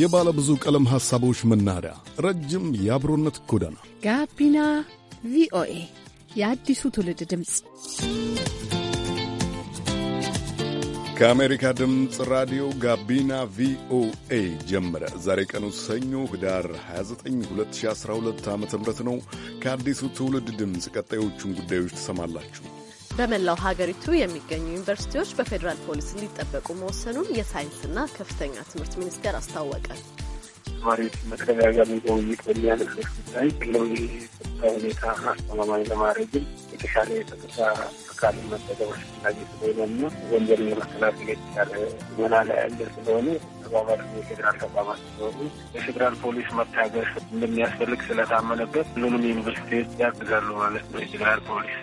የባለ ብዙ ቀለም ሐሳቦች መናኸሪያ፣ ረጅም የአብሮነት ጎዳና፣ ጋቢና ቪኦኤ የአዲሱ ትውልድ ድምፅ ከአሜሪካ ድምፅ ራዲዮ ጋቢና ቪኦኤ ጀመረ። ዛሬ ቀኑ ሰኞ ህዳር 29 2012 ዓ ም ነው። ከአዲሱ ትውልድ ድምፅ ቀጣዮቹን ጉዳዮች ትሰማላችሁ። በመላው ሀገሪቱ የሚገኙ ዩኒቨርሲቲዎች በፌዴራል ፖሊስ እንዲጠበቁ መወሰኑን የሳይንስና ከፍተኛ ትምህርት ሚኒስቴር አስታወቀ። ተማሪዎች በውይይት በሚያነሱት ጉዳይ ክልላዊ ሁኔታ አስተማማኝ ለማድረግም የተሻለ የጸጥታ አካል መጠቀም አስፈላጊ ወንጀል የተሻለ ላይ ያለ ስለሆነ የፌዴራል ተቋማት ስለሆኑ የፌዴራል ፖሊስ መታገስ እንደሚያስፈልግ ስለታመነበት ሁሉንም ዩኒቨርሲቲዎች ያግዛሉ ማለት ነው የፌዴራል ፖሊስ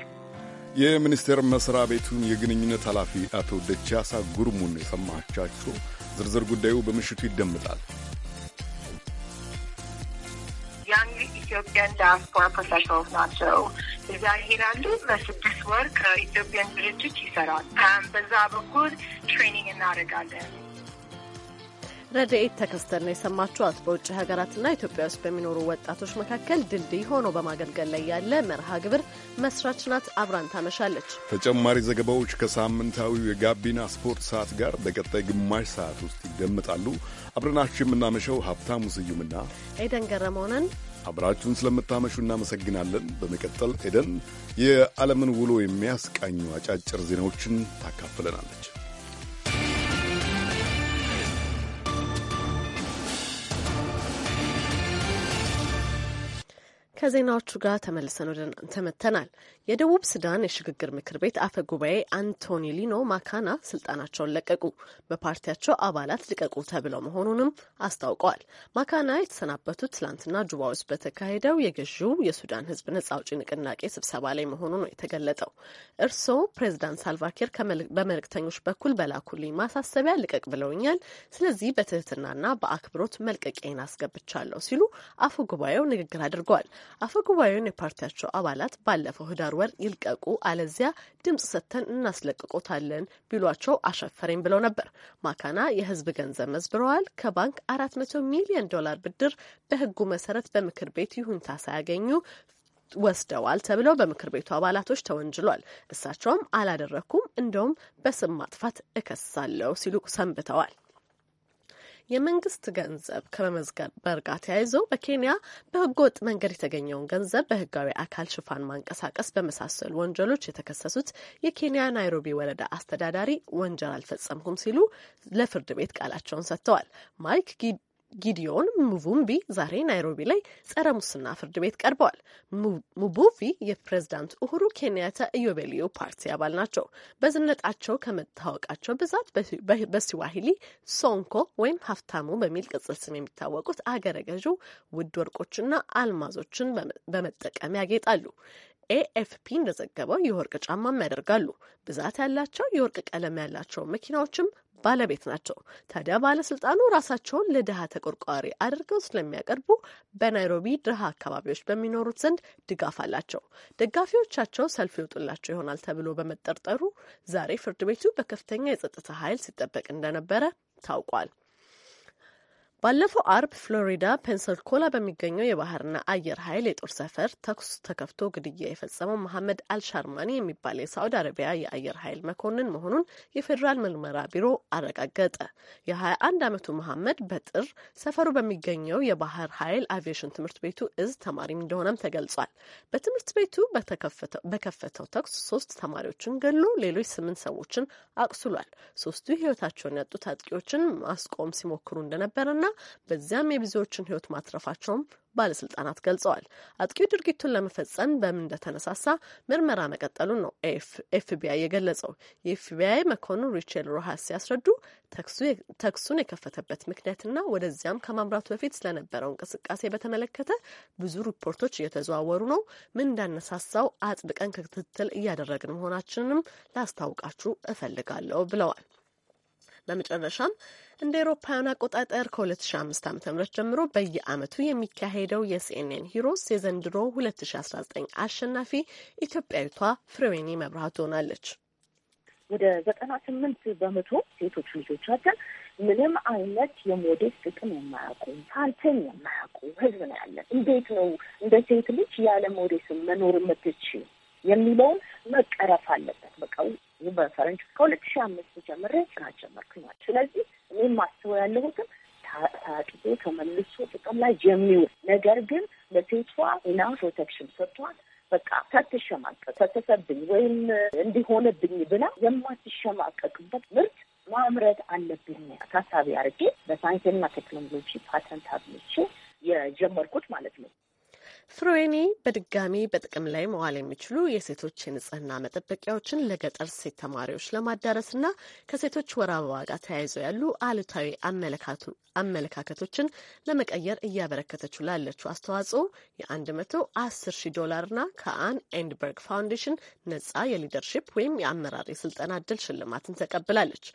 የሚኒስቴር መስሪያ ቤቱን የግንኙነት ኃላፊ አቶ ደቻሳ ጉርሙን የሰማቻቸው። ዝርዝር ጉዳዩ በምሽቱ ይደመጣል። ያንግ ኢትዮጵያን ዳያስፖራ ፕሮፌሽናልስ ናቸው። እዛ ይሄዳሉ። በስድስት ወር ከኢትዮጵያን ድርጅት ይሰራል። በዛ በኩል ትሬኒንግ እናደርጋለን። ረድኤት ተከስተን ነው የሰማችኋት። በውጭ ሀገራትና ኢትዮጵያ ውስጥ በሚኖሩ ወጣቶች መካከል ድልድይ ሆኖ በማገልገል ላይ ያለ መርሃ ግብር መስራች ናት። አብራን ታመሻለች። ተጨማሪ ዘገባዎች ከሳምንታዊው የጋቢና ስፖርት ሰዓት ጋር በቀጣይ ግማሽ ሰዓት ውስጥ ይደመጣሉ። አብረናችሁ የምናመሸው ሀብታሙ ስዩምና ኤደን ገረመሆነን አብራችሁን ስለምታመሹ እናመሰግናለን። በመቀጠል ኤደን የዓለምን ውሎ የሚያስቃኙ አጫጭር ዜናዎችን ታካፍለናለች። ከዜናዎቹ ጋር ተመልሰን ወደ እናንተ መጥተናል። የደቡብ ሱዳን የሽግግር ምክር ቤት አፈ ጉባኤ አንቶኒ ሊኖ ማካና ስልጣናቸውን ለቀቁ። በፓርቲያቸው አባላት ልቀቁ ተብለው መሆኑንም አስታውቀዋል። ማካና የተሰናበቱት ትላንትና ጁባ ውስጥ በተካሄደው የገዢው የሱዳን ሕዝብ ነጻ አውጪ ንቅናቄ ስብሰባ ላይ መሆኑ ነው የተገለጠው። እርስዎ ፕሬዚዳንት ሳልቫኪር በመልእክተኞች በኩል በላኩልኝ ማሳሰቢያ ልቀቅ ብለውኛል። ስለዚህ በትህትናና በአክብሮት መልቀቂያን አስገብቻለሁ ሲሉ አፈ ጉባኤው ንግግር አድርገዋል። አፈ ጉባኤውን የፓርቲያቸው አባላት ባለፈው ህዳር ወር ይልቀቁ፣ አለዚያ ድምጽ ሰጥተን እናስለቅቆታለን ቢሏቸው አሸፈረኝ ብለው ነበር። ማካና የህዝብ ገንዘብ መዝብረዋል። ከባንክ አራት መቶ ሚሊዮን ዶላር ብድር በህጉ መሰረት በምክር ቤት ይሁንታ ሳያገኙ ወስደዋል ተብለው በምክር ቤቱ አባላቶች ተወንጅሏል። እሳቸውም አላደረኩም፣ እንደውም በስም ማጥፋት እከሳለሁ ሲሉ ሰንብተዋል። የመንግስት ገንዘብ ከመመዝበር ጋር ተያይዞ በኬንያ በህገወጥ መንገድ የተገኘውን ገንዘብ በህጋዊ አካል ሽፋን ማንቀሳቀስ በመሳሰሉ ወንጀሎች የተከሰሱት የኬንያ ናይሮቢ ወረዳ አስተዳዳሪ ወንጀል አልፈጸምኩም ሲሉ ለፍርድ ቤት ቃላቸውን ሰጥተዋል። ማይክ ጊዲዮን ሙቡምቢ ዛሬ ናይሮቢ ላይ ጸረ ሙስና ፍርድ ቤት ቀርበዋል። ሙቡቪ የፕሬዝዳንት ኡሁሩ ኬንያታ ኢዮቤልዩ ፓርቲ አባል ናቸው። በዝነጣቸው ከመታወቃቸው ብዛት በሲዋሂሊ ሶንኮ ወይም ሀብታሙ በሚል ቅጽል ስም የሚታወቁት አገረ ገዢው ውድ ወርቆችና አልማዞችን በመጠቀም ያጌጣሉ። ኤኤፍፒ እንደዘገበው የወርቅ ጫማም ያደርጋሉ። ብዛት ያላቸው የወርቅ ቀለም ያላቸው መኪናዎችም ባለቤት ናቸው። ታዲያ ባለስልጣኑ ራሳቸውን ለድሃ ተቆርቋሪ አድርገው ስለሚያቀርቡ በናይሮቢ ድሃ አካባቢዎች በሚኖሩት ዘንድ ድጋፍ አላቸው። ደጋፊዎቻቸው ሰልፍ ይወጡላቸው ይሆናል ተብሎ በመጠርጠሩ ዛሬ ፍርድ ቤቱ በከፍተኛ የጸጥታ ኃይል ሲጠበቅ እንደነበረ ታውቋል። ባለፈው አርብ ፍሎሪዳ ፔንሰልኮላ በሚገኘው የባህርና አየር ኃይል የጦር ሰፈር ተኩስ ተከፍቶ ግድያ የፈጸመው መሐመድ አልሻርማኒ የሚባል የሳዑዲ አረቢያ የአየር ኃይል መኮንን መሆኑን የፌዴራል ምርመራ ቢሮ አረጋገጠ። የ21 ዓመቱ መሐመድ በጥር ሰፈሩ በሚገኘው የባህር ኃይል አቪዬሽን ትምህርት ቤቱ እዝ ተማሪም እንደሆነም ተገልጿል። በትምህርት ቤቱ በከፈተው ተኩስ ሶስት ተማሪዎችን ገሎ ሌሎች ስምንት ሰዎችን አቁስሏል። ሶስቱ ህይወታቸውን ያጡ ታጥቂዎችን ማስቆም ሲሞክሩ እንደነበረና በዚያም የብዙዎችን ህይወት ማትረፋቸውም ባለስልጣናት ገልጸዋል። አጥቂው ድርጊቱን ለመፈጸም በምን እንደተነሳሳ ምርመራ መቀጠሉን ነው ኤፍቢአይ የገለጸው። የኤፍቢአይ መኮንን ሪቼል ሮሃስ ሲያስረዱ ተክሱን የከፈተበት ምክንያትና ወደዚያም ከማምራቱ በፊት ስለነበረው እንቅስቃሴ በተመለከተ ብዙ ሪፖርቶች እየተዘዋወሩ ነው። ምን እንዳነሳሳው አጥብቀን ክትትል እያደረግን መሆናችንንም ላስታውቃችሁ እፈልጋለሁ ብለዋል። በመጨረሻም እንደ ኤሮፓውያን አቆጣጠር ከ2005 ዓ ም ጀምሮ በየአመቱ የሚካሄደው የሲኤንኤን ሂሮስ የዘንድሮ 2019 አሸናፊ ኢትዮጵያዊቷ ፍሬዌኒ መብርሃት ትሆናለች። ወደ ዘጠና ስምንት በመቶ ሴቶች ልጆቻችን ምንም አይነት የሞዴስ ጥቅም የማያውቁ ፓንትን የማያውቁ ህዝብ ነው ያለን። እንዴት ነው እንደ ሴት ልጅ ያለ ሞዴስ መኖር የምትችል የሚለውን መቀረፍ አለበት። በቃ በፈረንጅ እስከ ሁለት ሺ አምስት ጀምሬ ስራ ጀመርኩኝ። ስለዚህ እኔም ማስበው ያለሁትም ታጥቦ ተመልሶ ጥቅም ላይ የሚውል ነገር ግን ለሴቷ ኢና ፕሮቴክሽን ሰጥቷል። በቃ ተትሸማቀቅ ተተሰብኝ ወይም እንዲሆነብኝ ብላ የማትሸማቀቅበት ምርት ማምረት አለብኝ ታሳቢ አድርጌ በሳይንስና ቴክኖሎጂ ፓተንት አብልቼ የጀመርኩት ማለት ነው። ፍሮዌኒ በድጋሚ በጥቅም ላይ መዋል የሚችሉ የሴቶች የንጽህና መጠበቂያዎችን ለገጠር ሴት ተማሪዎች ለማዳረስና ከሴቶች ወር አበባ ጋር ተያይዘው ያሉ አሉታዊ አመለካከቶችን ለመቀየር እያበረከተችው ላለችው አስተዋጽኦ የ110 ሺህ ና ከአን ኤንድበርግ ፋውንዴሽን ነጻ የሊደርሺፕ ወይም የአመራር የስልጠና እድል ሽልማትን ተቀብላለች።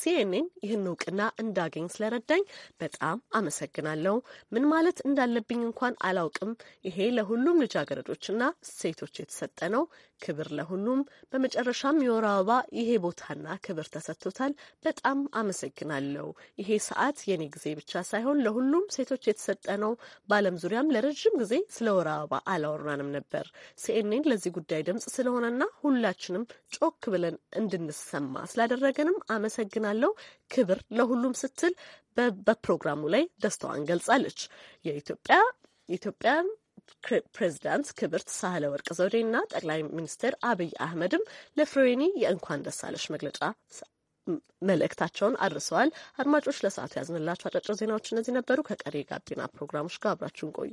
ሲኤንኤን ይህን እውቅና እንዳገኝ ስለረዳኝ በጣም አመሰግናለሁ። ምን ማለት እንዳለብኝ እንኳን አላውቅም። ይሄ ለሁሉም ልጃገረዶችና ሴቶች የተሰጠ ነው። ክብር ለሁሉም። በመጨረሻም የወር አበባ ይሄ ቦታና ክብር ተሰጥቶታል። በጣም አመሰግናለሁ። ይሄ ሰዓት የኔ ጊዜ ብቻ ሳይሆን ለሁሉም ሴቶች የተሰጠ ነው። በዓለም ዙሪያም ለረዥም ጊዜ ስለ ወር አበባ አላወራንም ነበር። ሲኤንኤን ለዚህ ጉዳይ ድምጽ ስለሆነና ሁላችንም ጮክ ብለን እንድንሰማ ስላደረገንም አመሰግ አመሰግናለሁ፣ ክብር ለሁሉም ስትል በፕሮግራሙ ላይ ደስታዋን ገልጻለች። የኢትዮጵያ ኢትዮጵያ ፕሬዚዳንት ክብርት ሳህለ ወርቅ ዘውዴ እና ጠቅላይ ሚኒስትር አብይ አህመድም ለፍሬኒ የእንኳን ደሳለች መግለጫ መልእክታቸውን አድርሰዋል። አድማጮች ለሰዓቱ ያዝንላቸው አጫጭር ዜናዎች እነዚህ ነበሩ። ከቀሪ ጋቢና ፕሮግራሞች ጋር አብራችሁን ቆዩ።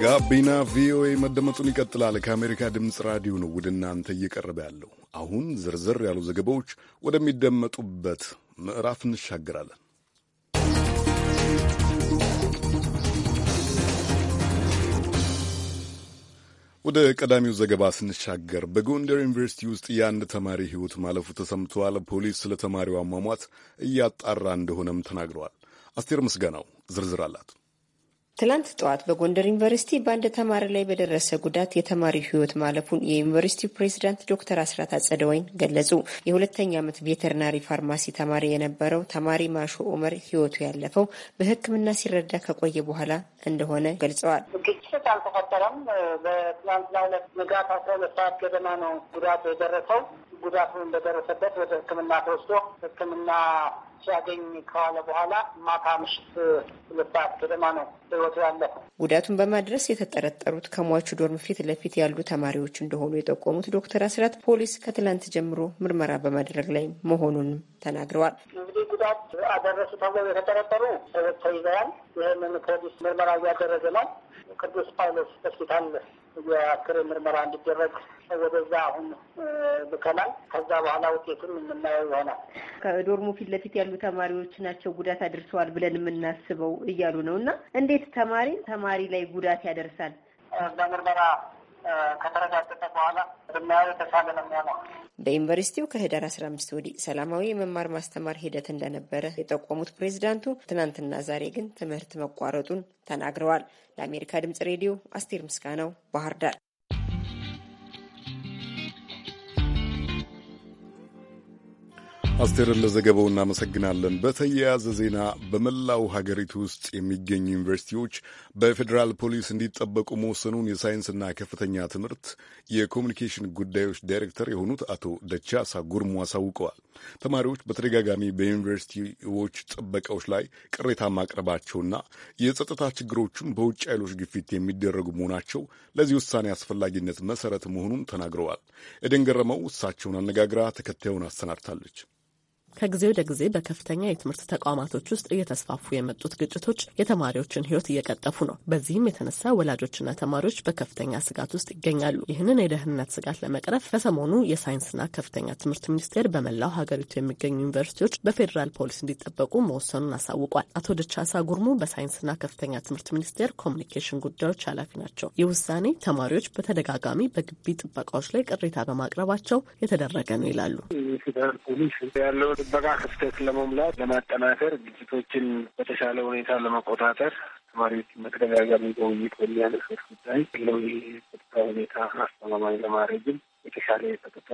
ጋቢና ቪኦኤ መደመጡን ይቀጥላል። ከአሜሪካ ድምፅ ራዲዮ ነው ወደ እናንተ እየቀረበ ያለው። አሁን ዝርዝር ያሉ ዘገባዎች ወደሚደመጡበት ምዕራፍ እንሻገራለን። ወደ ቀዳሚው ዘገባ ስንሻገር በጎንደር ዩኒቨርሲቲ ውስጥ የአንድ ተማሪ ሕይወት ማለፉ ተሰምተዋል። ፖሊስ ስለ ተማሪው አሟሟት እያጣራ እንደሆነም ተናግረዋል። አስቴር ምስጋናው ዝርዝር አላት። ትላንት ጠዋት በጎንደር ዩኒቨርሲቲ በአንድ ተማሪ ላይ በደረሰ ጉዳት የተማሪ ሕይወት ማለፉን የዩኒቨርሲቲው ፕሬዚዳንት ዶክተር አስራት አጸደወይን ገለጹ። የሁለተኛ ዓመት ቬተርናሪ ፋርማሲ ተማሪ የነበረው ተማሪ ማሾ ኦመር ሕይወቱ ያለፈው በሕክምና ሲረዳ ከቆየ በኋላ እንደሆነ ገልጸዋል። ግጭት አልተፈጠረም። በትላንትና ሁለት ንጋት አስራ ሁለት ሰዓት ገደማ ነው ጉዳት የደረሰው። ጉዳቱ እንደደረሰበት ወደ ሕክምና ተወስዶ ሕክምና ሲያገኝ ከዋለ በኋላ ማታ ምሽት ሁለት ገደማ ነው ህይወቱ ያለፈው። ጉዳቱን በማድረስ የተጠረጠሩት ከሟቹ ዶርም ፊት ለፊት ያሉ ተማሪዎች እንደሆኑ የጠቆሙት ዶክተር አስራት ፖሊስ ከትላንት ጀምሮ ምርመራ በማድረግ ላይ መሆኑንም ተናግረዋል። እንግዲህ ጉዳት አደረሱ ተብለው የተጠረጠሩ ሰዎች ተይዘዋል። ይህንን ፖሊስ ምርመራ እያደረገ ነው። ቅዱስ ጳውሎስ ሆስፒታል የአስክሬ ምርመራ እንዲደረግ ወደዛ አሁን ብከናል። ከዛ በኋላ ውጤቱን የምናየው ይሆናል። ከዶርሙ ፊት ለፊት ያሉ ተማሪዎች ናቸው ጉዳት አድርሰዋል ብለን የምናስበው እያሉ ነው። እና እንዴት ተማሪ ተማሪ ላይ ጉዳት ያደርሳል? በምርመራ ከተረጋገጠ በኋላ ብናየው የተሻለ ነው የሚሆነው። በዩኒቨርሲቲው ከህዳር 15 ወዲህ ሰላማዊ የመማር ማስተማር ሂደት እንደነበረ የጠቆሙት ፕሬዚዳንቱ ትናንትና ዛሬ ግን ትምህርት መቋረጡን ተናግረዋል። ለአሜሪካ ድምጽ ሬዲዮ አስቴር ምስጋናው ባህር ዳር። አስቴርን ለዘገባው እናመሰግናለን። በተያያዘ ዜና በመላው ሀገሪቱ ውስጥ የሚገኙ ዩኒቨርሲቲዎች በፌዴራል ፖሊስ እንዲጠበቁ መወሰኑን የሳይንስና ከፍተኛ ትምህርት የኮሚኒኬሽን ጉዳዮች ዳይሬክተር የሆኑት አቶ ደቻሳ ጉርሙ አሳውቀዋል። ተማሪዎች በተደጋጋሚ በዩኒቨርሲቲዎች ጥበቃዎች ላይ ቅሬታ ማቅረባቸውና የጸጥታ ችግሮቹን በውጭ ኃይሎች ግፊት የሚደረጉ መሆናቸው ለዚህ ውሳኔ አስፈላጊነት መሰረት መሆኑን ተናግረዋል። የደንገረመው እሳቸውን አነጋግራ ተከታዩን አሰናድታለች። ከጊዜ ወደ ጊዜ በከፍተኛ የትምህርት ተቋማቶች ውስጥ እየተስፋፉ የመጡት ግጭቶች የተማሪዎችን ሕይወት እየቀጠፉ ነው። በዚህም የተነሳ ወላጆችና ተማሪዎች በከፍተኛ ስጋት ውስጥ ይገኛሉ። ይህንን የደህንነት ስጋት ለመቅረፍ ከሰሞኑ የሳይንስና ከፍተኛ ትምህርት ሚኒስቴር በመላው ሀገሪቱ የሚገኙ ዩኒቨርሲቲዎች በፌዴራል ፖሊስ እንዲጠበቁ መወሰኑን አሳውቋል። አቶ ደቻሳ ጉርሙ በሳይንስና ከፍተኛ ትምህርት ሚኒስቴር ኮሚኒኬሽን ጉዳዮች ኃላፊ ናቸው። ይህ ውሳኔ ተማሪዎች በተደጋጋሚ በግቢ ጥበቃዎች ላይ ቅሬታ በማቅረባቸው የተደረገ ነው ይላሉ። ፌዴራል ፖሊስ ያለውን የጥበቃ ክፍተት ለመሙላት ለማጠናከር ግጭቶችን በተሻለ ሁኔታ ለመቆጣጠር ተማሪዎች በተደጋጋሚ በውይይት በሚያነሱት ጉዳይ ለው የጸጥታ ሁኔታ አስተማማኝ ለማድረግም የተሻለ የጸጥታ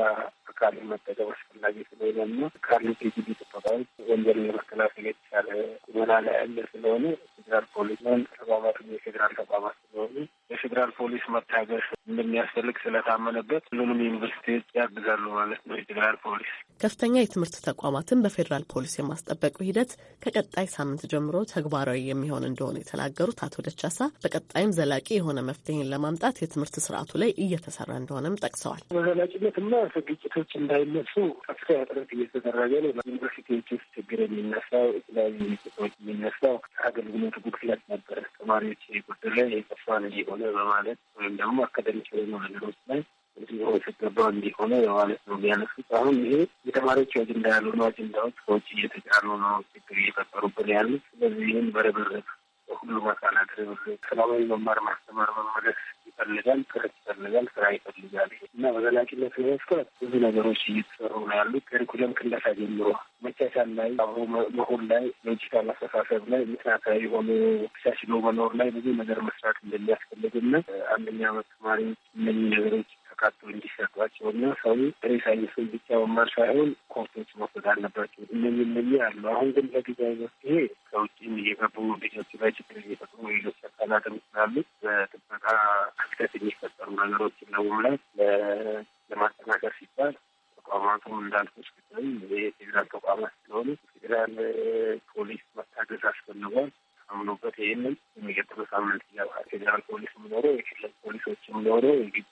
አካል መጠቀም አስፈላጊ ስለሆነ ና ካሉት የግቢ ጥበቃዎች ወንጀል ለመከላከል የተሻለ ቁመና ላይ ያለ ስለሆነ ፌዴራል ፖሊስ ን ተቋማት የፌዴራል ተቋማት ስለሆኑ የፌዴራል ፖሊስ መታገስ እንደሚያስፈልግ ስለታመነበት ሁሉንም ዩኒቨርሲቲዎች ያግዛሉ ማለት ነው የፌዴራል ፖሊስ ከፍተኛ የትምህርት ተቋማትን በፌዴራል ፖሊስ የማስጠበቁ ሂደት ከቀጣይ ሳምንት ጀምሮ ተግባራዊ የሚሆን እንደሆነ የተናገሩት አቶ ደቻሳ በቀጣይም ዘላቂ የሆነ መፍትሄን ለማምጣት የትምህርት ስርዓቱ ላይ እየተሰራ እንደሆነም ጠቅሰዋል። በዘላቂነትና ከግጭቶች እንዳይነሱ ከፍተኛ ጥረት እየተደረገ ነው። ዩኒቨርሲቲዎች ውስጥ ችግር የሚነሳው የተለያዩ ግጭቶች የሚነሳው አገልግሎት ጉድለት ነበር። ተማሪዎች ጉድለ ላይ የጠፋን እየሆነ በማለት ወይም ደግሞ አካደሚክ ነገሮች ላይ እንግዲህ የተገባው እንዲሆነ የዋለት ነው የሚያነሱት። አሁን ይሄ የተማሪዎች አጀንዳ ያሉ ነው አጀንዳዎች ሰዎች እየተጫኑ ነው ችግር እየፈጠሩብን ያሉት። ስለዚህ ይህን በርብርብ ሁሉም አካላት ሰላማዊ መማር ማስተማር መመለስ ይፈልጋል፣ ጥረት ይፈልጋል፣ ስራ ይፈልጋል እና በዘላቂነት ለመፍታት ብዙ ነገሮች እየተሰሩ ነው ያሉት። ከሪኩለም ክለሳ ጀምሮ መቻቻል ላይ አብሮ መሆን ላይ ሎጂካል አስተሳሰብ ላይ ምክንያታዊ የሆኑ ተሻሽሎ መኖር ላይ ብዙ ነገር መስራት እንደሚያስፈልግና አንደኛ መተማሪዎች ተማሪዎች ነገሮች አካቶ እንዲሰጧቸው እና ሰው ሬሳ የሰው ብቻ መማር ሳይሆን ኮርሶች መውሰድ አለባቸው። እነዚህ እነዚህ አሉ። አሁን ግን ለጊዜያዊ መፍትሄ ከውጭም እየገቡ ቤቶች ላይ ችግር እየፈጥሩ ሌሎች አካላትም ስላሉ በጥበቃ ክፍተት የሚፈጠሩ ነገሮችን ለመሙላት ለማጠናከር ሲባል ተቋማቱ እንዳልኩ ስክትም የፌዴራል ተቋማት ስለሆኑ ፌዴራል ፖሊስ መታገዝ አስፈልጓል። አምኖበት ይህንን የሚቀጥለው ሳምንት ፌዴራል ፖሊስ ኖሮ የክልል ፖሊሶች ኖሮ የግቢ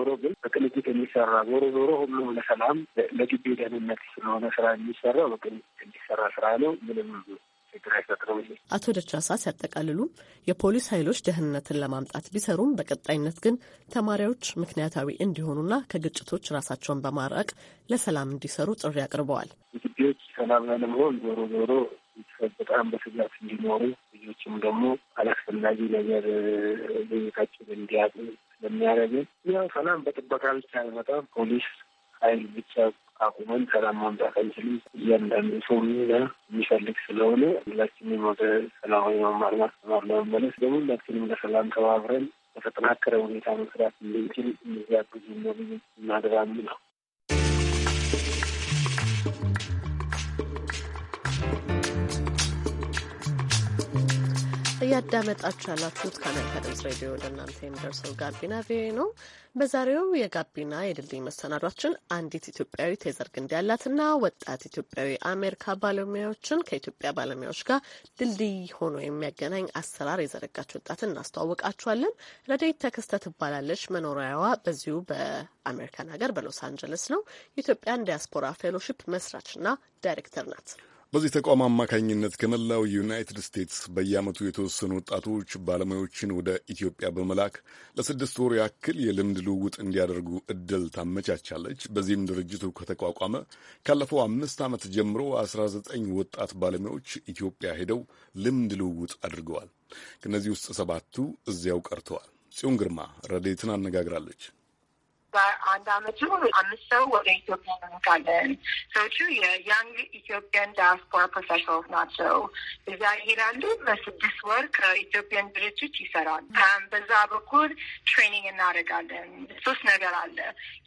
ዞሮ ግን በቅንጅት የሚሰራ ዞሮ ዞሮ ሁሉም ለሰላም ለግቢ ደህንነት ስለሆነ ስራ የሚሰራ በቅንጅት የሚሰራ ስራ ነው። ምንም ችግር አቶ ደቻሳ ሲያጠቃልሉ የፖሊስ ኃይሎች ደህንነትን ለማምጣት ቢሰሩም በቀጣይነት ግን ተማሪዎች ምክንያታዊ እንዲሆኑና ከግጭቶች ራሳቸውን በማራቅ ለሰላም እንዲሰሩ ጥሪ አቅርበዋል። ግቢዎች ሰላም ለመሆን ዞሮ ዞሮ በጣም በስጋት እንዲኖሩ ልጆችም ደግሞ አላስፈላጊ ነገር ቤታችን እንዲያጡ በሚያደርግን ያው ሰላም በጥበቃ ብቻ አይመጣም። ፖሊስ ኃይል ብቻ አቁመን ሰላም ማምጣት አንችልም። እያንዳንዱ ሰው ሚና የሚፈልግ ስለሆነ ሁላችንም ወደ ሰላማዊ መማር ማስተማር ለመመለስ ደግሞ ሁላችንም ለሰላም ተባብረን በተጠናከረ ሁኔታ መስራት እንድንችል የሚያግዙ ነው ብዬ እናድራም ነው እያዳመጣችሁ ያላችሁት ከአሜሪካ ድምጽ ሬዲዮ ወደ እናንተ የሚደርሰው ጋቢና ቪኦኤ ነው። በዛሬው የጋቢና የድልድይ መሰናዷችን አንዲት ኢትዮጵያዊት የዘር ግንድ ያላትና ወጣት ኢትዮጵያዊ አሜሪካ ባለሙያዎችን ከኢትዮጵያ ባለሙያዎች ጋር ድልድይ ሆኖ የሚያገናኝ አሰራር የዘረጋች ወጣትን እናስተዋወቃችኋለን። ረዴት ተከስተ ትባላለች። መኖሪያዋ በዚሁ በአሜሪካን ሀገር በሎስ አንጀለስ ነው። ኢትዮጵያን ዲያስፖራ ፌሎሺፕ መስራችና ዳይሬክተር ናት። በዚህ ተቋም አማካኝነት ከመላው ዩናይትድ ስቴትስ በየዓመቱ የተወሰኑ ወጣቶች ባለሙያዎችን ወደ ኢትዮጵያ በመላክ ለስድስት ወር ያክል የልምድ ልውውጥ እንዲያደርጉ እድል ታመቻቻለች። በዚህም ድርጅቱ ከተቋቋመ ካለፈው አምስት ዓመት ጀምሮ አስራ ዘጠኝ ወጣት ባለሙያዎች ኢትዮጵያ ሄደው ልምድ ልውውጥ አድርገዋል። ከእነዚህ ውስጥ ሰባቱ እዚያው ቀርተዋል። ጽዮን ግርማ ረዴትን አነጋግራለች። በአንድ አመቱ አምስት ሰው ወደ ኢትዮጵያ እንልካለን። ሰዎቹ የያንግ ኢትዮጵያን ዳያስፖራ ፕሮፌሽናልስ ናቸው። እዛ ይሄዳሉ። በስድስት ወር ከኢትዮጵያን ድርጅት ይሰራሉ። በዛ በኩል ትሬኒንግ እናደርጋለን። ሶስት ነገር አለ፣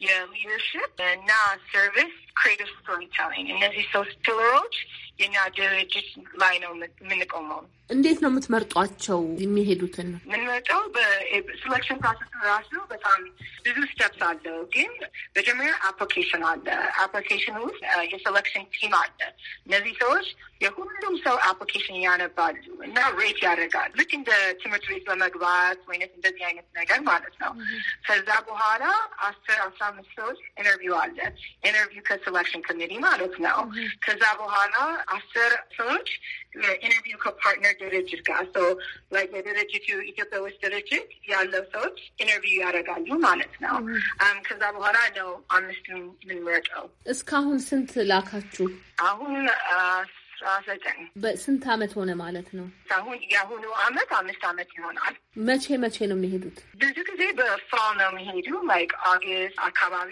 የሊደርሽፕ እና ሰርቪስ፣ ክሬቲቭ ስቶሪ ቴሊንግ። እነዚህ ሶስት ፒለሮች የኛ ድርጅት ላይ ነው የምንቆመው። እንዴት ነው የምትመርጧቸው የሚሄዱትን? የምንመርጠው በሴሌክሽን ፕሮሰስ ራሱ በጣም ብዙ ስቴፕስ አለው። ግን መጀመሪያ አፕሊኬሽን አለ። አፕሊኬሽን ውስጥ የሴሌክሽን ቲም አለ። እነዚህ ሰዎች የሁሉም ሰው አፕሊኬሽን ያነባሉ እና ሬት ያደርጋል። ልክ እንደ ትምህርት ቤት ለመግባት ወይነት እንደዚህ አይነት ነገር ማለት ነው። ከዛ በኋላ አስር አስራ አምስት ሰዎች ኢንተርቪው አለ። ኢንተርቪው ከሴሌክሽን ኮሚቴ ማለት ነው። ከዛ በኋላ አስር ሰዎች የኢንተርቪው ከፓርትነር ድርጅት ጋር ሶ ላይ የድርጅቱ ኢትዮጵያ ውስጥ ድርጅት ያለው ሰዎች ኢንተርቪው ያደርጋሉ ማለት ነው። um, ከዛ በኋላ ነው አምስት የምንመርጠው። እስካሁን ስንት ላካችሁ? አሁን uh, ዘጠኝ በስንት አመት ሆነ ማለት ነው? አሁን የአሁኑ አመት አምስት አመት ይሆናል። መቼ መቼ ነው የሚሄዱት? ብዙ ጊዜ በፋ ነው የሚሄዱ ላይክ ኦገስት አካባቢ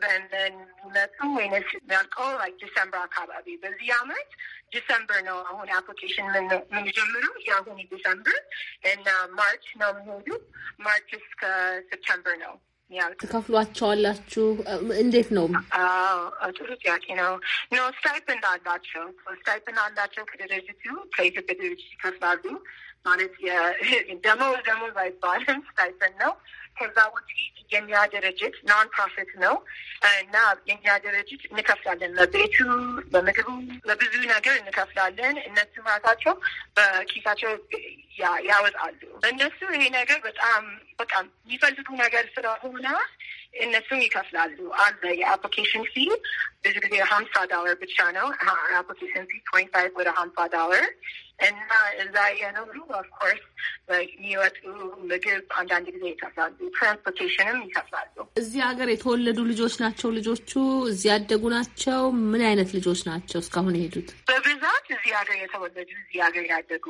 በሁለቱ ወይነት ያልቀው ዲሰምበር አካባቢ በዚህ አመት ዲሰምበር ነው አሁን አፕሊኬሽን የምንጀምረው የአሁን ዲሰምበር እና ማርች ነው የሚሄዱ ማርች እስከ ሴፕተምበር ነው ተከፍሏቸዋላችሁ? እንዴት ነው? ጥሩ ጥያቄ ነው። ኖ ስታይፕንድ አላቸው። ስታይፕንድ አላቸው ከድርጅቱ ከኢትዮጵያ ድርጅት ይከፍላሉ። ማለት ደሞዝ ደሞዝ አይባልም ስታይፕንድ ነው። ከዛ ውጪ የኛ ድርጅት ናን ፕሮፊት ነው እና የኛ ድርጅት እንከፍላለን። በቤቱ፣ በምግቡ፣ በብዙ ነገር እንከፍላለን። እነሱ ራሳቸው በኪሳቸው ያወጣሉ። እነሱ ይሄ ነገር በጣም በቃ የሚፈልጉ ነገር ስለሆነ እነሱም ይከፍላሉ። አለ የአፕሊኬሽን ፊ ብዙ ጊዜ ሀምሳ ዳወር ብቻ ነው። አፕሊኬሽን ፊ ትዌንቲ ፋይቭ ወደ ሀምሳ ዳወር እና እዛ የኖሩ ኦፍኮርስ የሚወጡ ምግብ አንዳንድ ጊዜ ይከፍላሉ። ትራንስፖርቴሽንም ይከፍላሉ። እዚህ ሀገር የተወለዱ ልጆች ናቸው ልጆቹ እዚህ ያደጉ ናቸው። ምን አይነት ልጆች ናቸው እስካሁን የሄዱት? በብዛት እዚህ ሀገር የተወለዱ እዚህ ሀገር ያደጉ፣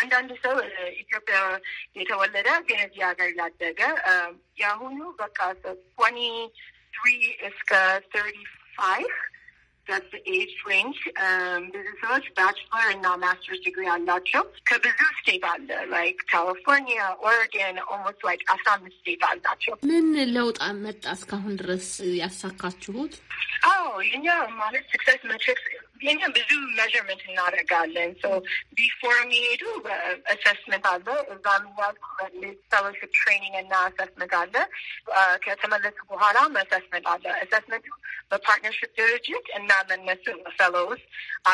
አንዳንድ ሰው ኢትዮጵያ የተወለደ ግን እዚህ ሀገር ያደገ የአሁኑ በቃ ዋኒ ትሪ እስከ ትርቲ ፋይቭ that's the age range. Um, there's so much bachelor and not master's degree on Nacho. Kabizu state on the, like California, Oregon, almost like Assam state on Nacho. Men load and met as Kahundras Yasakachu. Oh, you know, modern success metrics የኛም ብዙ ሜዥርመንት እናደርጋለን። ቢፎር የሚሄዱ አሰስመንት አለ። እዛም እያሉ ሰዎች ትሬኒንግ እና አሰስመንት አለ። ከተመለሱ በኋላም አሰስመንት አለ። አሰስመንቱ በፓርትነርሽፕ ድርጅት እና መነሱ ፌሎውስ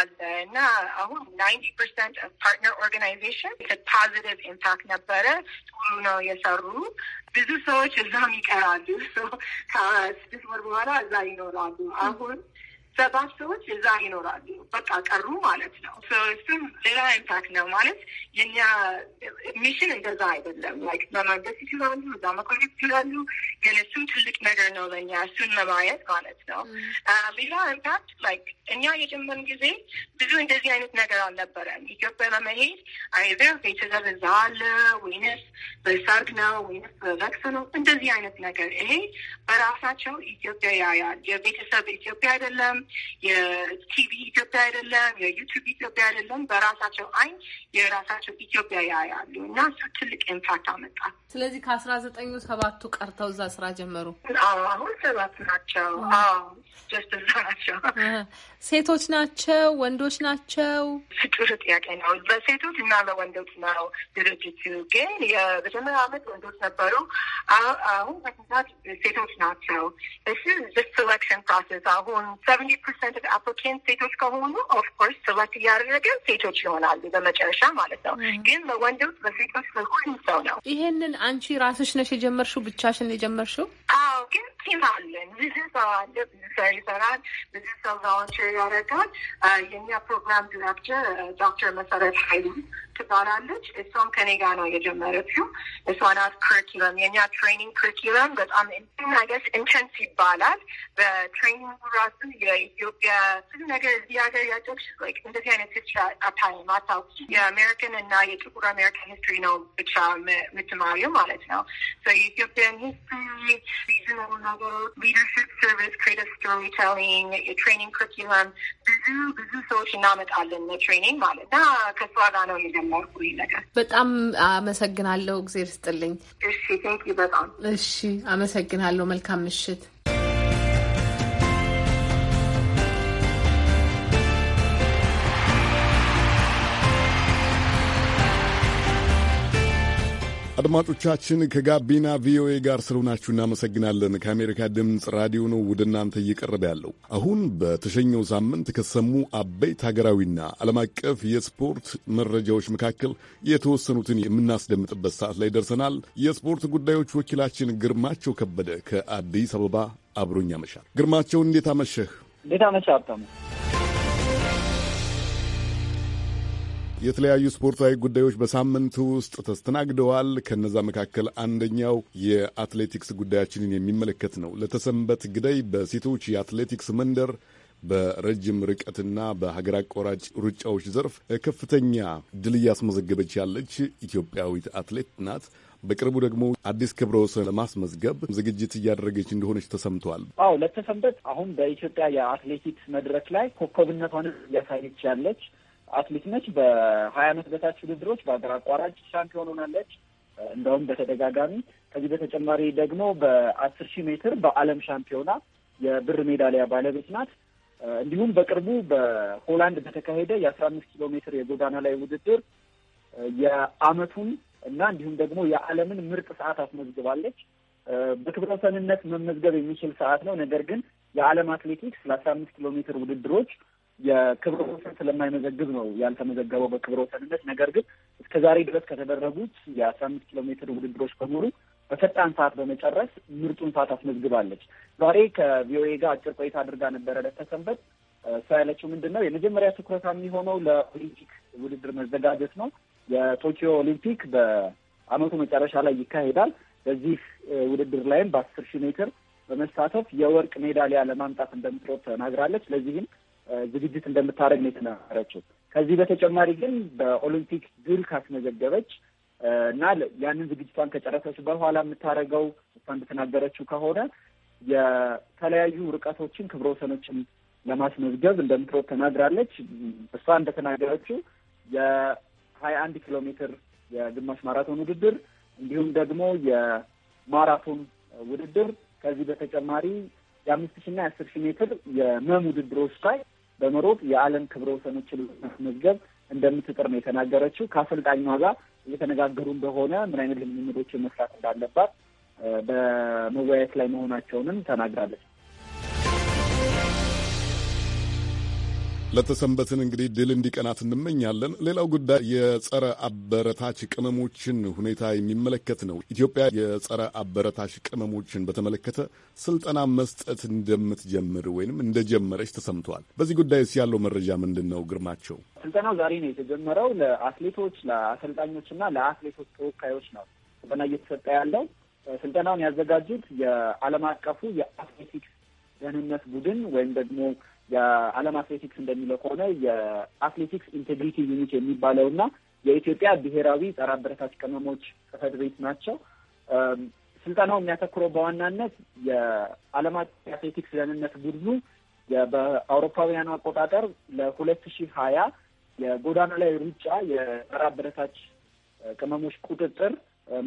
አለ እና አሁን ናይንቲ ፐርሰንት ፓርትነር ኦርጋናይዜሽን ፖዚቲቭ ኢምፓክት ነበረ። ጥሩ ነው የሰሩ ብዙ ሰዎች እዛም ይቀራሉ። ከስድስት ወር በኋላ እዛ ይኖራሉ አሁን ሰባት ሰዎች እዛ ይኖራሉ። በቃ ቀሩ ማለት ነው። እሱም ሌላ ኢምፓክት ነው ማለት የኛ ሚሽን እንደዛ አይደለም። ላይክ መመንደስ ይችላሉ፣ እዛ መቆየት ይችላሉ። ግን እሱም ትልቅ ነገር ነው ለእኛ እሱን መማየት ማለት ነው። ሌላ ኢምፓክት ላይክ እኛ የጀመርን ጊዜ ብዙ እንደዚህ አይነት ነገር አልነበረም። ኢትዮጵያ ለመሄድ አይዘር ቤተሰብ እዛ አለ ወይንስ በሰርግ ነው ወይንስ በለቅሶ ነው እንደዚህ አይነት ነገር። ይሄ በራሳቸው ኢትዮጵያ ያያል። የቤተሰብ ኢትዮጵያ አይደለም የቲቪ ኢትዮጵያ አይደለም፣ የዩቱብ ኢትዮጵያ አይደለም። በራሳቸው አይን የራሳቸው ኢትዮጵያ ያያሉ እና ትልቅ ኢምፓክት አመጣ። ስለዚህ ከአስራ ዘጠኙ ሰባቱ ቀርተው እዛ ስራ ጀመሩ። አሁን ሰባት ናቸው። አዎ ጀስት እዛ ናቸው። ሴቶች ናቸው ወንዶች ናቸው? ፍጡር ጥያቄ ነው። በሴቶች እና በወንዶች ነው ድርጅቱ። ግን የመጀመሪያ አመት ወንዶች ነበሩ፣ አሁን በትዛት ሴቶች ናቸው። እሱ ሴሌክሽን ፕሮሰስ አሁን ሰቨንቲ ፐርሰንት አፕሊኬንት ሴቶች ከሆኑ ኦፍኮርስ ሴሌክት እያደረገ ሴቶች ይሆናሉ በመጨረሻ ማለት ነው። ግን በወንዶች በሴቶች ሁሉም ሰው ነው። ይሄንን አንቺ ራስሽ ነሽ የጀመርሽው? ብቻሽን የጀመርሽው? አዎ ግን ቲም አለን። ብዙ ሰው አለ። ብዙ ሰው ይሰራል። ብዙ ሰው ቫውንቸር ያደርጋል። የእኛ ፕሮግራም ዲሬክተር ዶክተር መሰረት ኃይሉ ትባላለች። እሷም ከኔ ጋር ነው የጀመረችው። እሷ ናት ክሪኪለም የእኛ ትሬኒንግ ክሪኪለም በጣም ነገስ ኢንተንስ ይባላል። በትሬኒንግ ራሱ የኢትዮጵያ ብዙ ነገር እዚህ ሀገር ያጮች እንደዚህ አይነት ሂስትሪ አታይም አታውቂ። የአሜሪካን እና የጥቁር አሜሪካን ሂስትሪ ነው ብቻ የምትማሪው ማለት ነው የኢትዮጵያን ሂስትሪ role model, leadership service, creative storytelling, የትሬኒንግ ክሪኩለም ብዙ ብዙ ሰዎች እናመጣለን አለን ለትሬኒንግ ማለት እና ከሷ ጋር ነው የጀመርኩ ነገር። በጣም አመሰግናለሁ። እግዜር ስጥልኝ። እሺ፣ ቴንክ በጣም እሺ፣ አመሰግናለሁ። መልካም ምሽት። አድማጮቻችን ከጋቢና ቪኦኤ ጋር ስለሆናችሁ እናመሰግናለን። ከአሜሪካ ድምፅ ራዲዮ ነው ወደ እናንተ እየቀረበ ያለው። አሁን በተሸኘው ሳምንት ከሰሙ አበይት ሀገራዊና ዓለም አቀፍ የስፖርት መረጃዎች መካከል የተወሰኑትን የምናስደምጥበት ሰዓት ላይ ደርሰናል። የስፖርት ጉዳዮች ወኪላችን ግርማቸው ከበደ ከአዲስ አበባ አብሮኝ ያመሻል። ግርማቸው እንዴት አመሸህ? እንዴት አመሻ የተለያዩ ስፖርታዊ ጉዳዮች በሳምንቱ ውስጥ ተስተናግደዋል። ከነዛ መካከል አንደኛው የአትሌቲክስ ጉዳያችንን የሚመለከት ነው። ለተሰንበት ግደይ በሴቶች የአትሌቲክስ መንደር በረጅም ርቀትና በሀገር አቋራጭ ሩጫዎች ዘርፍ ከፍተኛ ድል እያስመዘገበች ያለች ኢትዮጵያዊት አትሌት ናት። በቅርቡ ደግሞ አዲስ ክብረ ወሰን ለማስመዝገብ ዝግጅት እያደረገች እንደሆነች ተሰምቷል። አዎ ለተሰንበት አሁን በኢትዮጵያ የአትሌቲክስ መድረክ ላይ ኮከብነቷን እያሳየች ያለች አትሌት ነች። በሀያ አመት በታች ውድድሮች በሀገር አቋራጭ ሻምፒዮን ሆናለች። እንደውም በተደጋጋሚ ከዚህ በተጨማሪ ደግሞ በአስር ሺህ ሜትር በዓለም ሻምፒዮና የብር ሜዳሊያ ባለቤት ናት። እንዲሁም በቅርቡ በሆላንድ በተካሄደ የአስራ አምስት ኪሎ ሜትር የጎዳና ላይ ውድድር የአመቱን እና እንዲሁም ደግሞ የዓለምን ምርጥ ሰዓት አስመዝግባለች። በክብረ ወሰንነት መመዝገብ የሚችል ሰዓት ነው። ነገር ግን የዓለም አትሌቲክስ ለአስራ አምስት ኪሎ ሜትር ውድድሮች የክብረ ወሰን ስለማይመዘግብ ነው ያልተመዘገበው በክብረ ወሰንነት። ነገር ግን እስከ ዛሬ ድረስ ከተደረጉት የአስራ አምስት ኪሎ ሜትር ውድድሮች በሙሉ በፈጣን ሰዓት በመጨረስ ምርጡን ሰዓት አስመዝግባለች። ዛሬ ከቪኦኤ ጋር አጭር ቆይታ አድርጋ ነበረ ለተሰንበት እሷ ያለችው ምንድን ነው የመጀመሪያ ትኩረታ የሚሆነው ለኦሊምፒክ ውድድር መዘጋጀት ነው። የቶኪዮ ኦሊምፒክ በአመቱ መጨረሻ ላይ ይካሄዳል። በዚህ ውድድር ላይም በአስር ሺህ ሜትር በመሳተፍ የወርቅ ሜዳሊያ ለማምጣት እንደምትሮጥ ተናግራለች። ለዚህም ዝግጅት እንደምታደረግ ነው የተናገረችው። ከዚህ በተጨማሪ ግን በኦሎምፒክ ድል ካስመዘገበች እና ያንን ዝግጅቷን ከጨረሰች በኋላ የምታደርገው እሷ እንደተናገረችው ከሆነ የተለያዩ ርቀቶችን ክብረ ወሰኖችን ለማስመዝገብ እንደምትሮ ተናግራለች። እሷ እንደተናገረችው የሀያ አንድ ኪሎ ሜትር የግማሽ ማራቶን ውድድር እንዲሁም ደግሞ የማራቶን ውድድር ከዚህ በተጨማሪ የአምስት ሺና የአስር ሺ ሜትር የመም ውድድሮች ላይ በመሮጥ የዓለም ክብረ ወሰኖችን መዝገብ እንደምትጥር ነው የተናገረችው። ከአሰልጣኟ ጋር እየተነጋገሩ እንደሆነ ምን አይነት ልምምዶችን መስራት እንዳለባት በመወያየት ላይ መሆናቸውንም ተናግራለች። ለተሰንበትን እንግዲህ ድል እንዲቀናት እንመኛለን። ሌላው ጉዳይ የጸረ አበረታች ቅመሞችን ሁኔታ የሚመለከት ነው። ኢትዮጵያ የጸረ አበረታች ቅመሞችን በተመለከተ ስልጠና መስጠት እንደምትጀምር ወይም እንደጀመረች ተሰምተዋል። በዚህ ጉዳይስ ያለው መረጃ ምንድን ነው? ግርማቸው፣ ስልጠናው ዛሬ ነው የተጀመረው። ለአትሌቶች ለአሰልጣኞች ለአትሌቶች ተወካዮች ነው ስልጠና እየተሰጠ ያለው። ስልጠናውን ያዘጋጁት የዓለም አቀፉ የአትሌቲክስ ደህንነት ቡድን ወይም ደግሞ የዓለም አትሌቲክስ እንደሚለው ከሆነ የአትሌቲክስ ኢንቴግሪቲ ዩኒት የሚባለው እና የኢትዮጵያ ብሔራዊ ጸረ አበረታች ቅመሞች ጽፈት ቤት ናቸው። ስልጠናው የሚያተኩረው በዋናነት የዓለም አትሌቲክስ ደህንነት ቡድኑ በአውሮፓውያኑ አቆጣጠር ለሁለት ሺህ ሀያ የጎዳና ላይ ሩጫ የጸረ አበረታች ቅመሞች ቁጥጥር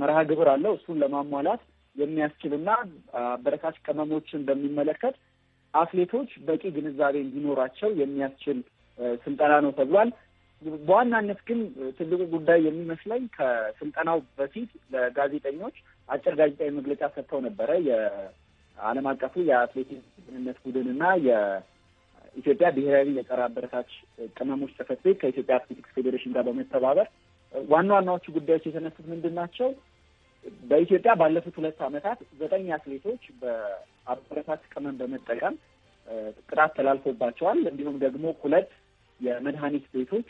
መርሃ ግብር አለው። እሱን ለማሟላት የሚያስችልና አበረታች ቅመሞችን በሚመለከት አትሌቶች በቂ ግንዛቤ እንዲኖራቸው የሚያስችል ስልጠና ነው ተብሏል። በዋናነት ግን ትልቁ ጉዳይ የሚመስለኝ ከስልጠናው በፊት ለጋዜጠኞች አጭር ጋዜጣዊ መግለጫ ሰጥተው ነበረ። የዓለም አቀፉ የአትሌቲክስ ደህንነት ቡድን እና የኢትዮጵያ ብሔራዊ የጸረ አበረታች ቅመሞች ጽሕፈት ቤት ከኢትዮጵያ አትሌቲክስ ፌዴሬሽን ጋር በመተባበር ዋና ዋናዎቹ ጉዳዮች የተነሱት ምንድን ናቸው? በኢትዮጵያ ባለፉት ሁለት ዓመታት ዘጠኝ አትሌቶች በአበረታች ቅመም በመጠቀም ቅጣት ተላልፎባቸዋል። እንዲሁም ደግሞ ሁለት የመድኃኒት ቤቶች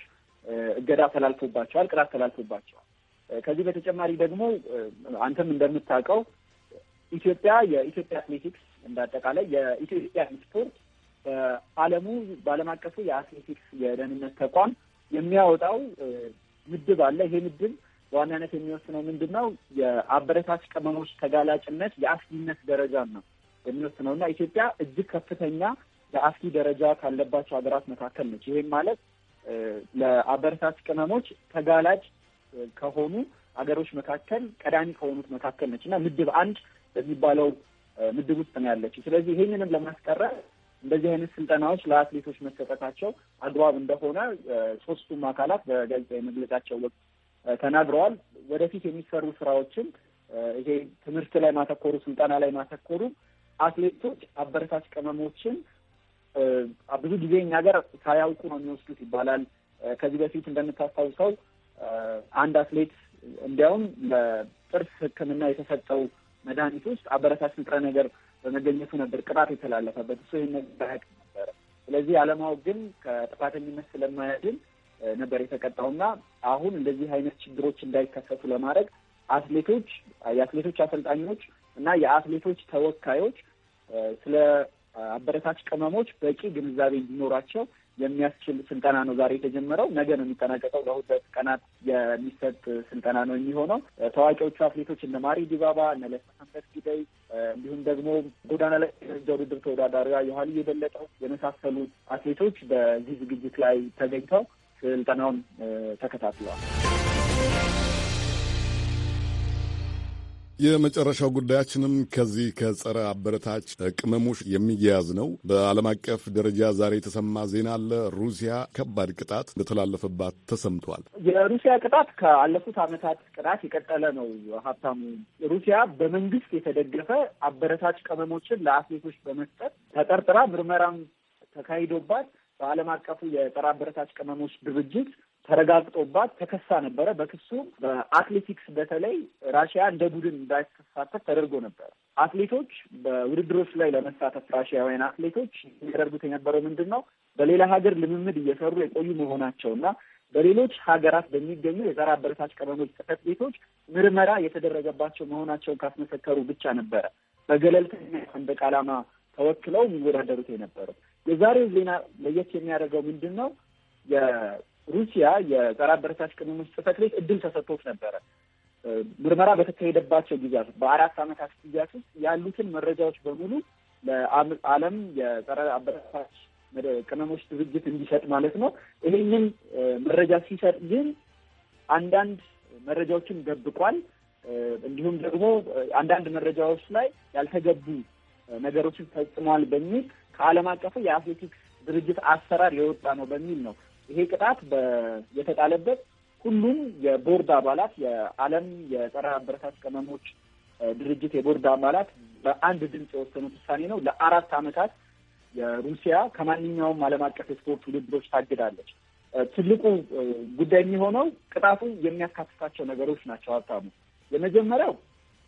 እገዳ ተላልፎባቸዋል፣ ቅጣት ተላልፎባቸዋል። ከዚህ በተጨማሪ ደግሞ አንተም እንደምታውቀው ኢትዮጵያ የኢትዮጵያ አትሌቲክስ እንዳጠቃላይ የኢትዮጵያ ስፖርት በዓለሙ በዓለም አቀፉ የአትሌቲክስ የደህንነት ተቋም የሚያወጣው ምድብ አለ። ይሄ ምድብ በዋናነት የሚወስነው ምንድን ነው? የአበረታች ቅመሞች ተጋላጭነት የአስጊነት ደረጃን ነው የሚወስነው እና ኢትዮጵያ እጅግ ከፍተኛ የአስጊ ደረጃ ካለባቸው ሀገራት መካከል ነች። ይህም ማለት ለአበረታች ቅመሞች ተጋላጭ ከሆኑ አገሮች መካከል ቀዳሚ ከሆኑት መካከል ነች እና ምድብ አንድ በሚባለው ምድብ ውስጥ ነው ያለች። ስለዚህ ይህንንም ለማስቀረት እንደዚህ አይነት ስልጠናዎች ለአትሌቶች መሰጠታቸው አግባብ እንደሆነ ሶስቱም አካላት በጋዜጣዊ መግለጫቸው ወቅት ተናግረዋል። ወደፊት የሚሰሩ ስራዎችን ይሄ ትምህርት ላይ ማተኮሩ፣ ስልጠና ላይ ማተኮሩ አትሌቶች አበረታች ቅመሞችን ብዙ ጊዜ እኛ ጋር ሳያውቁ ነው የሚወስዱት ይባላል። ከዚህ በፊት እንደምታስታውሰው አንድ አትሌት እንዲያውም ለጥርስ ሕክምና የተሰጠው መድኃኒት ውስጥ አበረታች ንጥረ ነገር በመገኘቱ ነበር ቅጣት የተላለፈበት። እሱ ይህን ነገር አያውቅም ነበረ። ስለዚህ አለማወቅ ግን ከጥፋተኝነት ስለማያድን ነበር የተቀጣውና አሁን እንደዚህ አይነት ችግሮች እንዳይከሰቱ ለማድረግ አትሌቶች፣ የአትሌቶች አሰልጣኞች እና የአትሌቶች ተወካዮች ስለ አበረታች ቅመሞች በቂ ግንዛቤ እንዲኖራቸው የሚያስችል ስልጠና ነው ዛሬ የተጀመረው። ነገ ነው የሚጠናቀቀው። ለሁለት ቀናት የሚሰጥ ስልጠና ነው የሚሆነው። ታዋቂዎቹ አትሌቶች እነ ማሪ ዲባባ፣ እነ ጊደይ እንዲሁም ደግሞ ጎዳና ላይ ውድድር ተወዳዳሪዋ የኋልዬ የበለጠው የመሳሰሉ አትሌቶች በዚህ ዝግጅት ላይ ተገኝተው ስልጠናውን ተከታትለዋል። የመጨረሻው ጉዳያችንም ከዚህ ከጸረ አበረታች ቅመሞች የሚያያዝ ነው። በዓለም አቀፍ ደረጃ ዛሬ የተሰማ ዜና አለ። ሩሲያ ከባድ ቅጣት እንደተላለፈባት ተሰምቷል። የሩሲያ ቅጣት ከአለፉት ዓመታት ቅጣት የቀጠለ ነው። ሀብታሙ፣ ሩሲያ በመንግስት የተደገፈ አበረታች ቅመሞችን ለአትሌቶች በመስጠት ተጠርጥራ ምርመራም ተካሂዶባት በዓለም አቀፉ የጸረ አበረታች ቅመሞች ድርጅት ተረጋግጦባት ተከሳ ነበረ። በክሱም በአትሌቲክስ በተለይ ራሽያ እንደ ቡድን እንዳይተሳተፍ ተደርጎ ነበረ። አትሌቶች በውድድሮች ላይ ለመሳተፍ ራሽያውያን አትሌቶች የሚያደርጉት የነበረው ምንድን ነው? በሌላ ሀገር ልምምድ እየሰሩ የቆዩ መሆናቸው እና በሌሎች ሀገራት በሚገኙ የጸረ አበረታች ቅመሞች ጽሕፈት ቤቶች ምርመራ የተደረገባቸው መሆናቸውን ካስመሰከሩ ብቻ ነበረ በገለልተኛ ሰንደቅ ዓላማ ተወክለው የሚወዳደሩት የነበረው የዛሬው ዜና ለየት የሚያደርገው ምንድን ነው? የሩሲያ የጸረ አበረታች ቅመሞች ጽፈት ቤት እድል ተሰጥቶት ነበረ ምርመራ በተካሄደባቸው ጊዜያት በአራት ዓመታት ጊዜያት ውስጥ ያሉትን መረጃዎች በሙሉ ለዓለም የጸረ አበረታች ቅመሞች ድርጅት እንዲሰጥ ማለት ነው። ይህንን መረጃ ሲሰጥ ግን አንዳንድ መረጃዎችን ደብቋል። እንዲሁም ደግሞ አንዳንድ መረጃዎች ላይ ያልተገቡ ነገሮችን ፈጽመዋል በሚል ከዓለም አቀፉ የአትሌቲክስ ድርጅት አሰራር የወጣ ነው በሚል ነው ይሄ ቅጣት የተጣለበት። ሁሉም የቦርድ አባላት የዓለም የጸረ አበረታች ቅመሞች ድርጅት የቦርድ አባላት በአንድ ድምፅ የወሰኑት ውሳኔ ነው። ለአራት ዓመታት የሩሲያ ከማንኛውም ዓለም አቀፍ የስፖርት ውድድሮች ታግዳለች። ትልቁ ጉዳይ የሚሆነው ቅጣቱ የሚያካትታቸው ነገሮች ናቸው። ሀብታሙ፣ የመጀመሪያው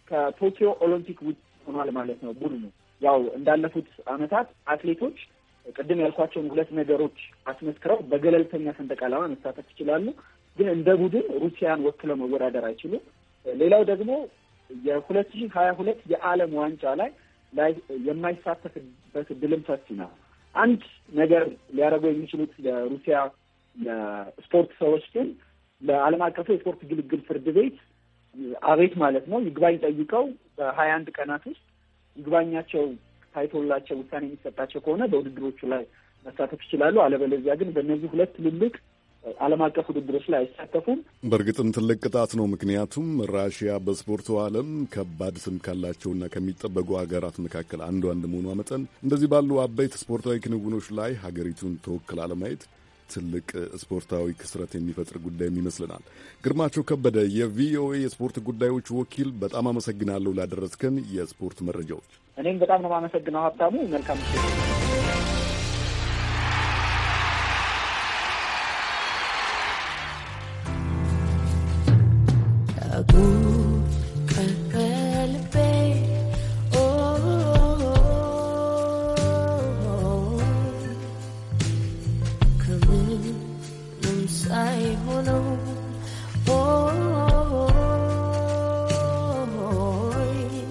ከቶኪዮ ኦሎምፒክ ውጭ ሆኗል ማለት ነው ቡድኑ ያው እንዳለፉት አመታት አትሌቶች ቅድም ያልኳቸውን ሁለት ነገሮች አስመስክረው በገለልተኛ ሰንደቅ ዓላማ መሳተፍ ይችላሉ። ግን እንደ ቡድን ሩሲያን ወክለው መወዳደር አይችሉም። ሌላው ደግሞ የሁለት ሺህ ሀያ ሁለት የዓለም ዋንጫ ላይ ላይ የማይሳተፍበት እድልም ሰፊ ነው። አንድ ነገር ሊያደርጉ የሚችሉት የሩሲያ የስፖርት ሰዎች ግን ለዓለም አቀፉ የስፖርት ግልግል ፍርድ ቤት አቤት ማለት ነው ይግባኝ ጠይቀው በሀያ አንድ ቀናት ውስጥ ይግባኛቸው ታይቶላቸው ውሳኔ የሚሰጣቸው ከሆነ በውድድሮቹ ላይ መሳተፍ ይችላሉ። አለበለዚያ ግን በእነዚህ ሁለት ትልልቅ ዓለም አቀፍ ውድድሮች ላይ አይሳተፉም። በእርግጥም ትልቅ ቅጣት ነው። ምክንያቱም ራሽያ በስፖርቱ ዓለም ከባድ ስም ካላቸውና ከሚጠበቁ ሀገራት መካከል አንዷ እንደመሆኗ መጠን እንደዚህ ባሉ አበይት ስፖርታዊ ክንውኖች ላይ ሀገሪቱን ተወክላ ለማየት ትልቅ ስፖርታዊ ክስረት የሚፈጥር ጉዳይም ይመስልናል። ግርማቸው ከበደ የቪኦኤ የስፖርት ጉዳዮች ወኪል፣ በጣም አመሰግናለሁ ላደረስከን የስፖርት መረጃዎች። እኔም በጣም ነው የማመሰግነው ሀብታሙ። መልካም dài hồ lâu ôi, ôi.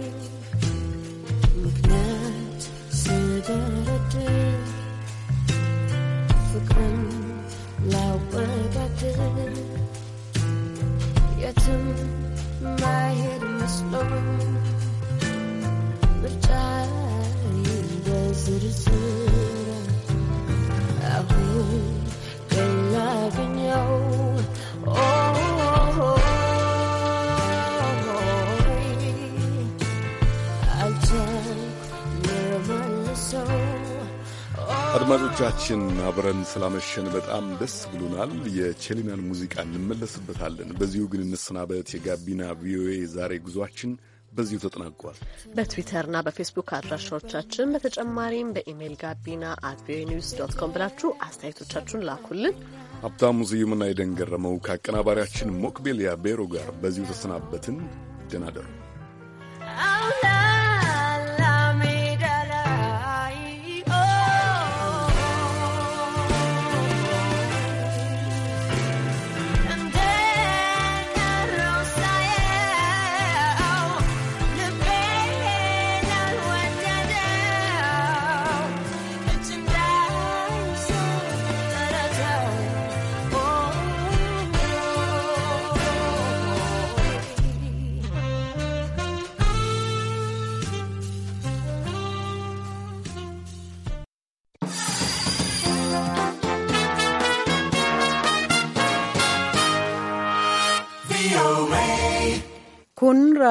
một nét giờ đã đây phút anh lao qua cả tên yet in my head must know አድማጮቻችን አብረን ስላመሸን በጣም ደስ ብሎናል። የቼሊናን ሙዚቃ እንመለስበታለን። በዚሁ ግን እንሰናበት። የጋቢና ቪኦኤ ዛሬ ጉዟችን በዚሁ ተጠናቋል። በትዊተርና በፌስቡክ አድራሻዎቻችን በተጨማሪም በኢሜይል ጋቢና አት ቪኦኤ ኒውስ ዶት ኮም ብላችሁ አስተያየቶቻችሁን ላኩልን። ሀብታሙ ስዩምና የደንገረመው ከአቀናባሪያችን ሞክቤልያ ቤሮ ጋር በዚሁ ተሰናበትን። ደናደሩ